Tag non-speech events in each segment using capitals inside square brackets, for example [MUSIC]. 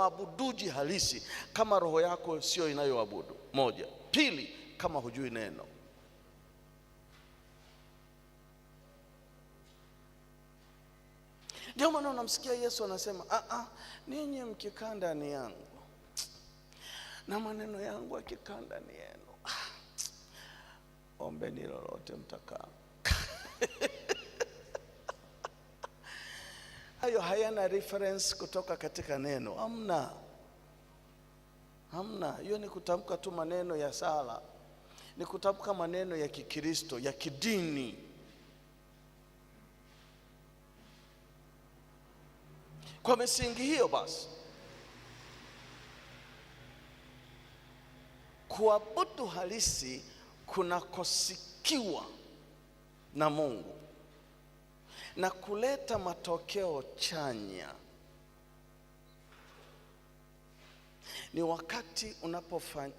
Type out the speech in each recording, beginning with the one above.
mwabuduji halisi kama roho yako sio inayoabudu? Moja. Pili, kama hujui neno. Ndio maana unamsikia Yesu anasema a, ah, ah, ninyi mkikaa ndani yangu na maneno yangu akikaa ndani yenu, ah, ombeni lolote mtakalo [LAUGHS] hayo hayana reference kutoka katika neno, hamna, hamna. Hiyo ni kutamka tu maneno ya sala, ni kutamka maneno ya Kikristo ya kidini. Kwa misingi hiyo basi kuabudu halisi kunakosikiwa na Mungu na kuleta matokeo chanya. Ni wakati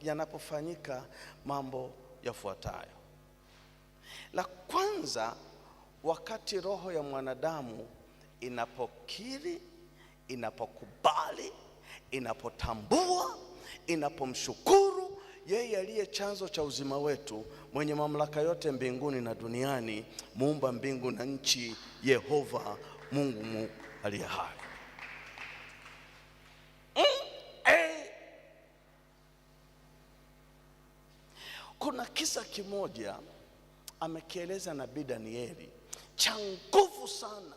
yanapofanyika mambo yafuatayo. La kwanza, wakati roho ya mwanadamu inapokiri, inapokubali, inapotambua, inapomshukuru yeye aliye chanzo cha uzima wetu, mwenye mamlaka yote mbinguni na duniani, muumba mbingu na nchi, Yehova Mungu aliye hai. Mm, eh. Kuna kisa kimoja amekieleza nabii Danieli cha nguvu sana.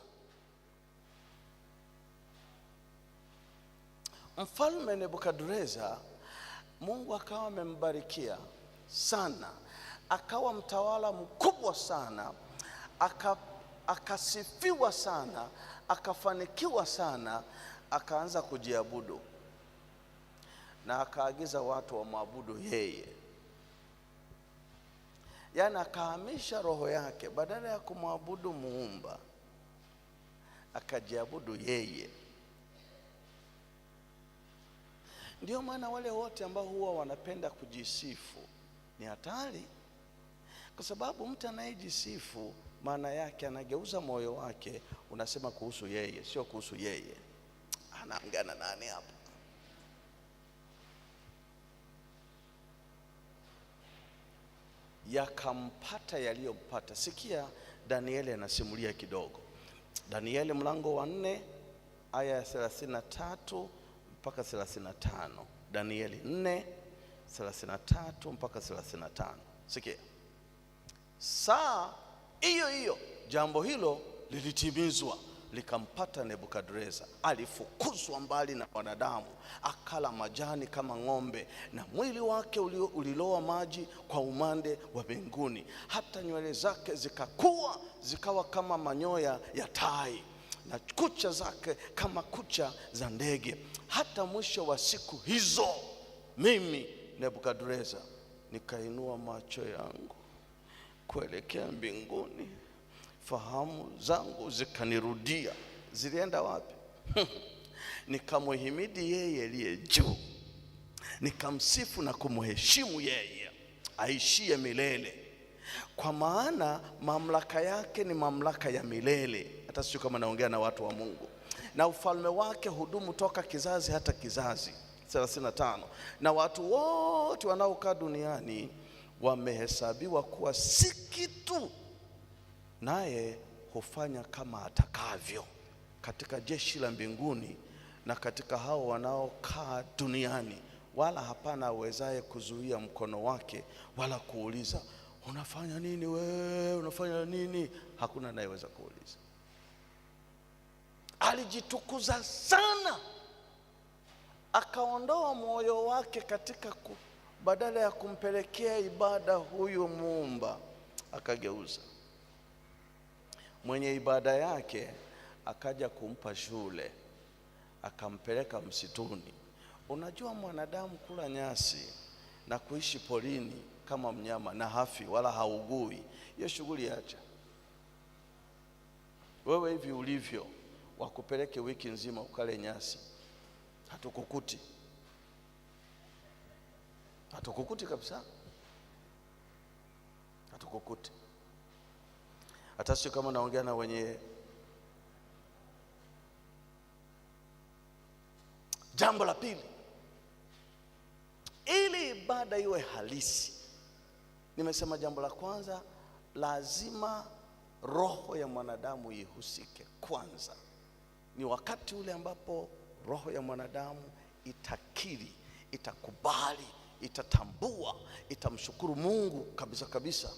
Mfalme Nebukadreza Mungu akawa amembarikia sana, akawa mtawala mkubwa sana, aka, akasifiwa sana, akafanikiwa sana, akaanza kujiabudu na akaagiza watu wamwabudu yeye, yaani akahamisha roho yake, badala ya kumwabudu muumba akajiabudu yeye. Ndio maana wale wote ambao huwa wanapenda kujisifu ni hatari, kwa sababu mtu anayejisifu maana yake anageuza moyo wake, unasema kuhusu yeye, sio kuhusu yeye. Anaangana nani hapo? Yakampata yaliyompata. Sikia Danieli anasimulia kidogo, Danieli mlango wa nne aya ya 33 mpaka 35, Danieli 4 33 mpaka 35. Sikia, saa hiyo hiyo jambo hilo lilitimizwa likampata Nebukadreza. Alifukuzwa mbali na wanadamu, akala majani kama ng'ombe, na mwili wake uliloa maji kwa umande wa mbinguni, hata nywele zake zikakua zikawa kama manyoya ya tai na kucha zake kama kucha za ndege. Hata mwisho wa siku hizo, mimi Nebukadreza nikainua macho yangu kuelekea mbinguni, fahamu zangu zikanirudia. Zilienda wapi? [LAUGHS] Nikamuhimidi yeye aliye juu, nikamsifu na kumheshimu yeye aishie milele, kwa maana mamlaka yake ni mamlaka ya milele hata sio kama naongea na watu wa Mungu, na ufalme wake hudumu toka kizazi hata kizazi. 35 na watu wote wanaokaa duniani wamehesabiwa kuwa si kitu, naye hufanya kama atakavyo katika jeshi la mbinguni na katika hao wanaokaa duniani, wala hapana awezaye kuzuia mkono wake wala kuuliza unafanya nini We unafanya nini? Hakuna anayeweza kuuliza alijitukuza sana, akaondoa moyo wake katika ku, badala ya kumpelekea ibada huyu muumba, akageuza mwenye ibada yake akaja kumpa shule, akampeleka msituni. Unajua, mwanadamu kula nyasi na kuishi polini kama mnyama na hafi wala haugui, hiyo shughuli acha. Wewe hivi ulivyo wakupeleke wiki nzima ukale nyasi, hatukukuti, hatukukuti kabisa, hatukukuti. Hata sio kama naongea na wenye Jambo la pili, ili ibada iwe halisi, nimesema jambo la kwanza, lazima roho ya mwanadamu ihusike kwanza ni wakati ule ambapo roho ya mwanadamu itakiri, itakubali, itatambua, itamshukuru Mungu kabisa kabisa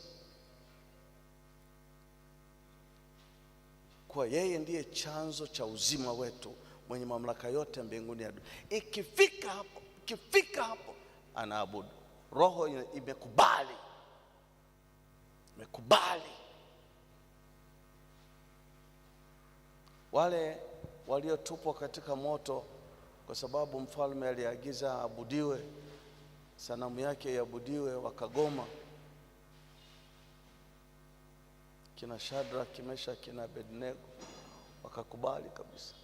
kwa yeye ndiye chanzo cha uzima wetu, mwenye mamlaka yote mbinguni ya duniani. Ikifika hapo, ikifika hapo anaabudu. Roho imekubali, imekubali wale waliotupwa katika moto, kwa sababu mfalme aliagiza aabudiwe, sanamu yake iabudiwe, wakagoma. Kina Shadraka, Meshaki kina Abednego wakakubali kabisa,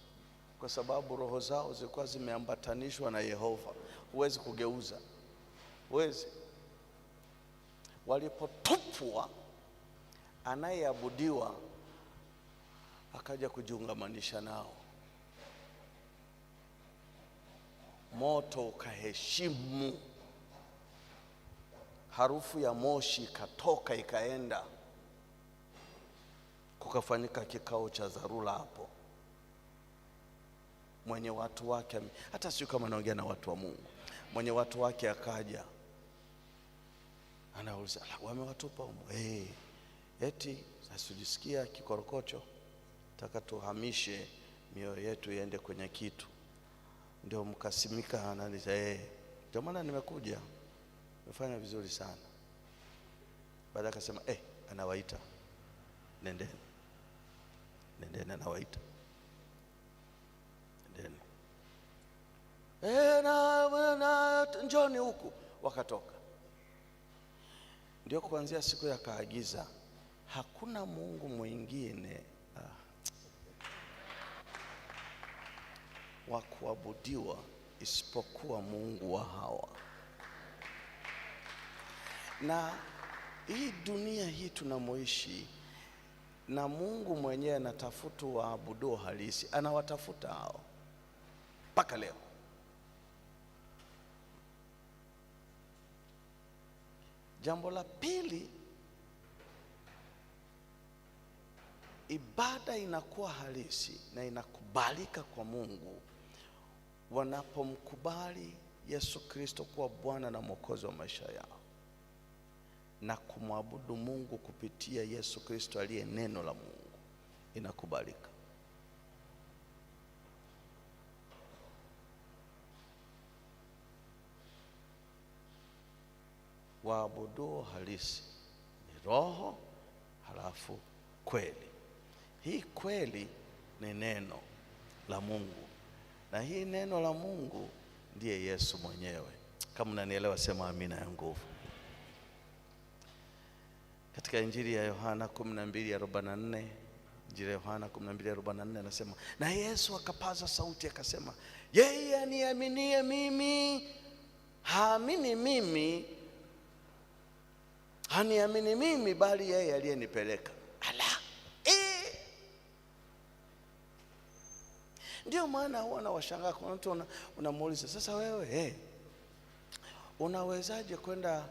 kwa sababu roho zao zilikuwa zimeambatanishwa na Yehova. Huwezi kugeuza, huwezi. Walipotupwa, anayeabudiwa akaja kujiungamanisha nao. moto ukaheshimu, harufu ya moshi ikatoka ikaenda. Kukafanyika kikao cha dharura hapo, mwenye watu wake, hata sio kama anaongea na watu wa Mungu, mwenye watu wake akaja, anauliza wamewatupa humo? Hey, eh, eti asijisikia kikorokocho, taka tuhamishe mioyo yetu iende kwenye kitu ndio mkasimika, ananiita yeye, eh. ndio maana nimekuja, nimefanya vizuri sana. Baada akasema eh, anawaita nendeni, nendeni, anawaita nendeni, eh, na, na njoni huku, wakatoka. Ndio kuanzia siku ya kaagiza hakuna Mungu mwingine ah. wa kuabudiwa isipokuwa Mungu wa Hawa. Na hii dunia hii tunamoishi, na Mungu mwenyewe anatafuta waabuduo halisi, anawatafuta hao mpaka leo. Jambo la pili, ibada inakuwa halisi na inakubalika kwa Mungu wanapomkubali Yesu Kristo kuwa Bwana na Mwokozi wa maisha yao na kumwabudu Mungu kupitia Yesu Kristo aliye neno la Mungu, inakubalika. Waabuduo halisi ni roho, halafu kweli. Hii kweli ni neno la Mungu na hii neno la Mungu ndiye Yesu mwenyewe. Kama unanielewa sema amina ya nguvu. Katika Injili ya Yohana 12:44, Injili ya Yohana 12:44 anasema, na Yesu akapaza sauti akasema, yeye aniaminie mimi haamini mimi haniamini mimi, bali yeye aliyenipeleka. Ala! Ndio maana huwa nawashangaa, kuna mtu unamuuliza sasa, wewe hey, eh, unawezaje kwenda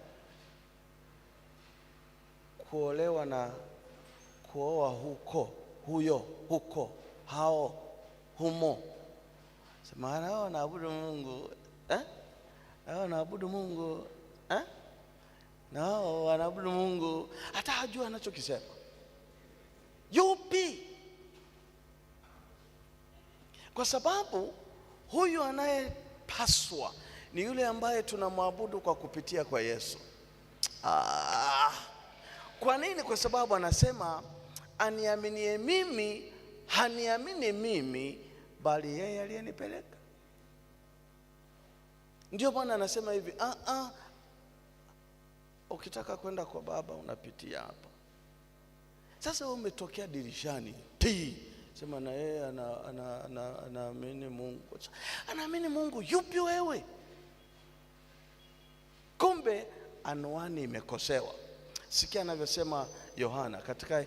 kuolewa na kuoa huko huyo huko hao humo? Sema hao wanaabudu Mungu eh? hao wanaabudu Mungu eh? na hao wanaabudu Mungu hata hajua anachokisema yupo kwa sababu huyu anayepaswa ni yule ambaye tunamwabudu kwa kupitia kwa Yesu. Ah, kwa nini? Kwa sababu anasema aniaminie mimi haniamini mimi, bali yeye aliyenipeleka. Ndio Bwana anasema hivi, ah, ah, ukitaka kwenda kwa Baba unapitia hapa. Sasa wewe umetokea dirishani tii sema na yeye anaamini Mungu. Anaamini Mungu yupi wewe? Kumbe anwani imekosewa. Sikia anavyosema Yohana katika,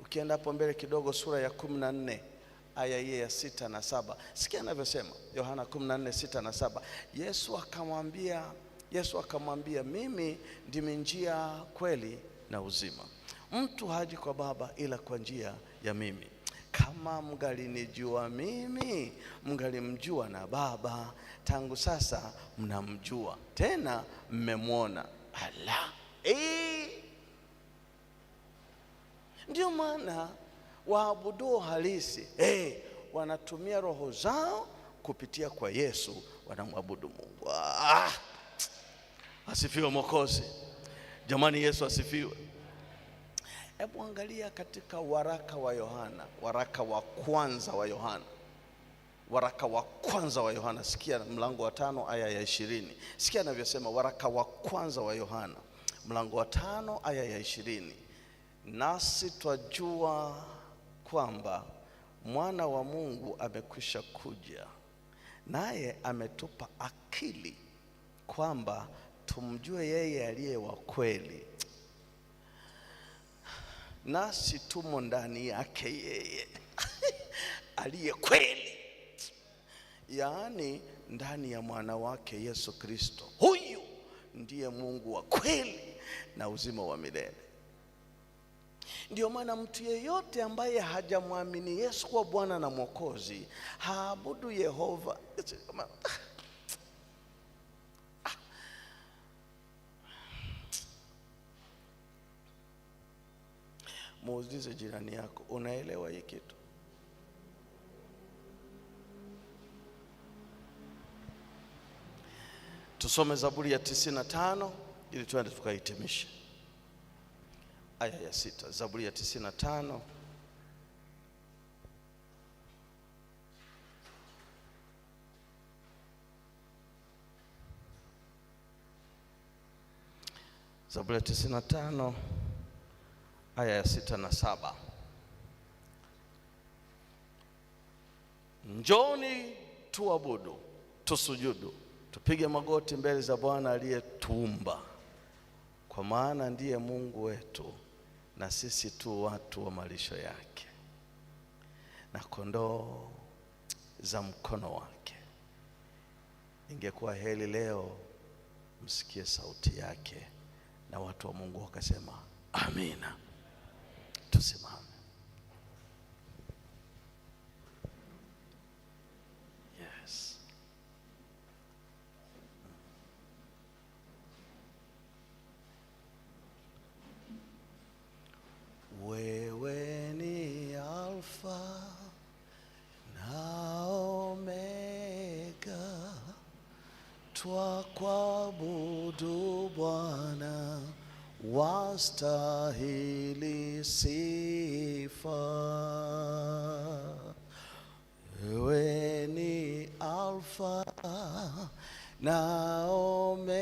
ukienda hapo mbele kidogo, sura ya kumi na nne aya hiye ya sita na saba. Sikia anavyosema Yohana sita na saba. Yesu akamwambia Yesu akamwambia, mimi ndimi njia, kweli na uzima, mtu haji kwa Baba ila kwa njia ya mimi kama mngalinijua mimi, mngalimjua na Baba. Tangu sasa mnamjua tena, mmemwona. Ala, e! ndio maana waabuduo halisi e, wanatumia roho zao kupitia kwa Yesu, wanamwabudu Mungu. Ah, asifiwe Mwokozi! Jamani, Yesu asifiwe! Hebu angalia katika waraka wa Yohana, waraka wa kwanza wa Yohana, waraka wa kwanza wa Yohana, sikia mlango wa tano aya ya ishirini. Sikia anavyosema waraka wa kwanza wa Yohana mlango wa tano aya ya ishirini, nasi twajua kwamba mwana wa Mungu amekwisha kuja, naye ametupa akili kwamba tumjue yeye aliye wa kweli nasi tumo ndani yake yeye [LAUGHS] aliye kweli, yaani ndani ya mwana wake Yesu Kristo. Huyu ndiye Mungu wa kweli na uzima wa milele. Ndiyo maana mtu yeyote ambaye hajamwamini Yesu kuwa Bwana na Mwokozi haabudu Yehova [LAUGHS] muulize jirani yako, unaelewa hii kitu? Tusome Zaburi ya 95 ili tuende tukaihitimisha aya ya sita. Zaburi ya 95 Zaburi ya 95 aya ya sita na saba njoni tuabudu, tusujudu, tupige magoti mbele za Bwana aliyetuumba, kwa maana ndiye Mungu wetu na sisi tu watu wa malisho yake na kondoo za mkono wake. Ingekuwa heli leo msikie sauti yake na watu wa Mungu wakasema amina. próxima. unastahili sifa, wewe ni Alfa na Omega,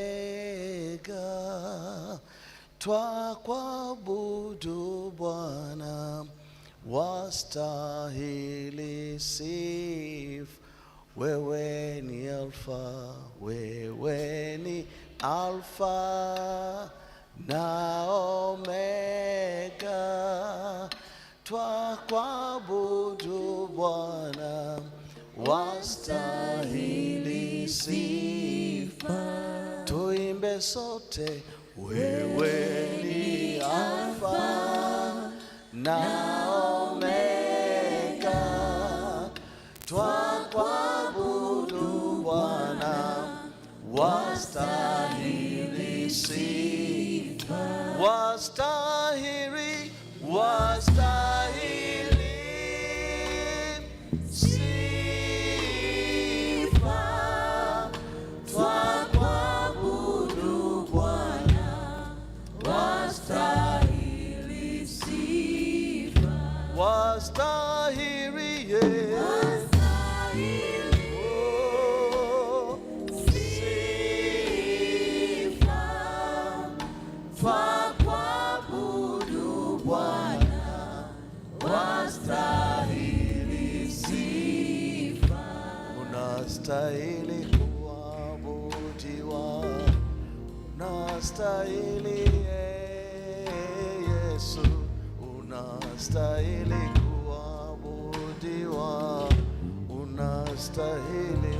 twakwabudu Bwana, wastahili sifa, wewe ni Alfa, wewe ni Alfa na Omega, twakuabudu Bwana, wastahili sifa. Tuimbe sote, wewe ni Alfa na unastahili kuabudiwa, unastahili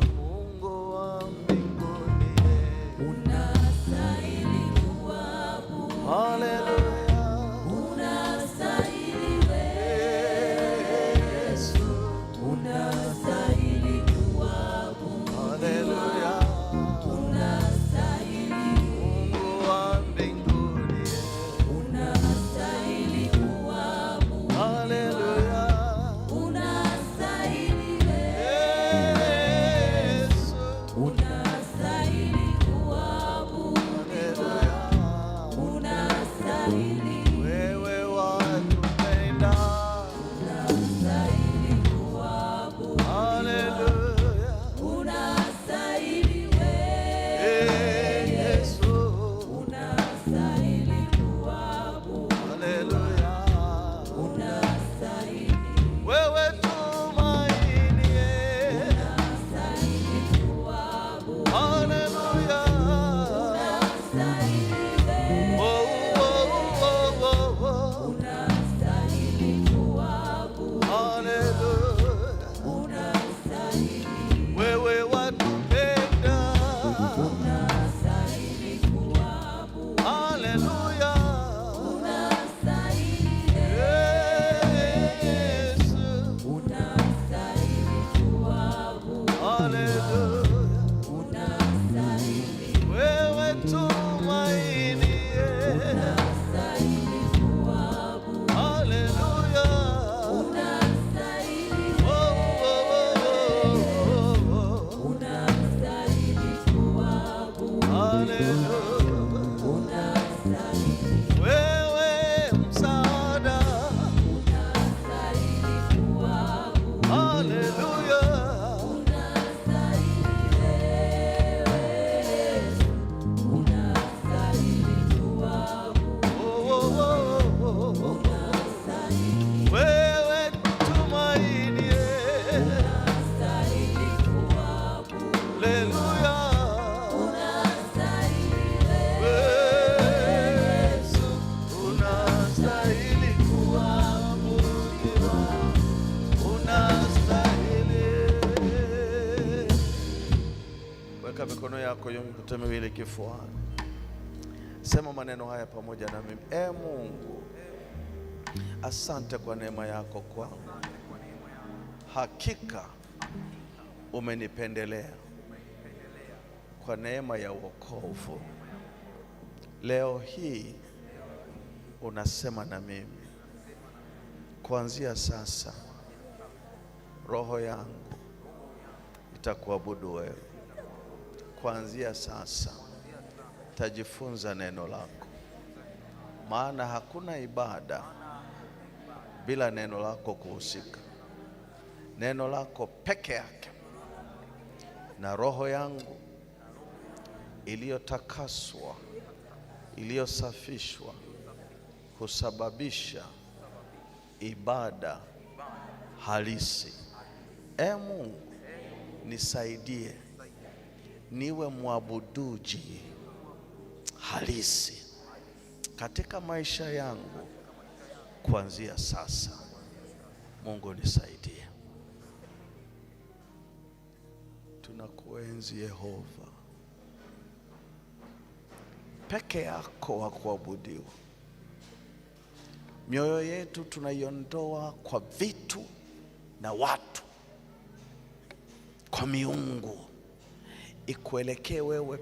mioto miwili kifuani. Sema maneno haya pamoja na mimi. E Mungu, asante kwa neema yako kwangu, hakika umenipendelea kwa neema ya wokovu. Leo hii unasema na mimi, kuanzia sasa roho yangu itakuabudu wewe kuanzia sasa tajifunza neno lako, maana hakuna ibada bila neno lako kuhusika. Neno lako peke yake na roho yangu iliyotakaswa iliyosafishwa husababisha ibada halisi. E Mungu, nisaidie niwe mwabuduji halisi katika maisha yangu kuanzia sasa. Mungu nisaidie. Tunakuenzi Yehova, peke yako wa kuabudiwa. Mioyo yetu tunaiondoa kwa vitu na watu, kwa miungu ikuelekee wewe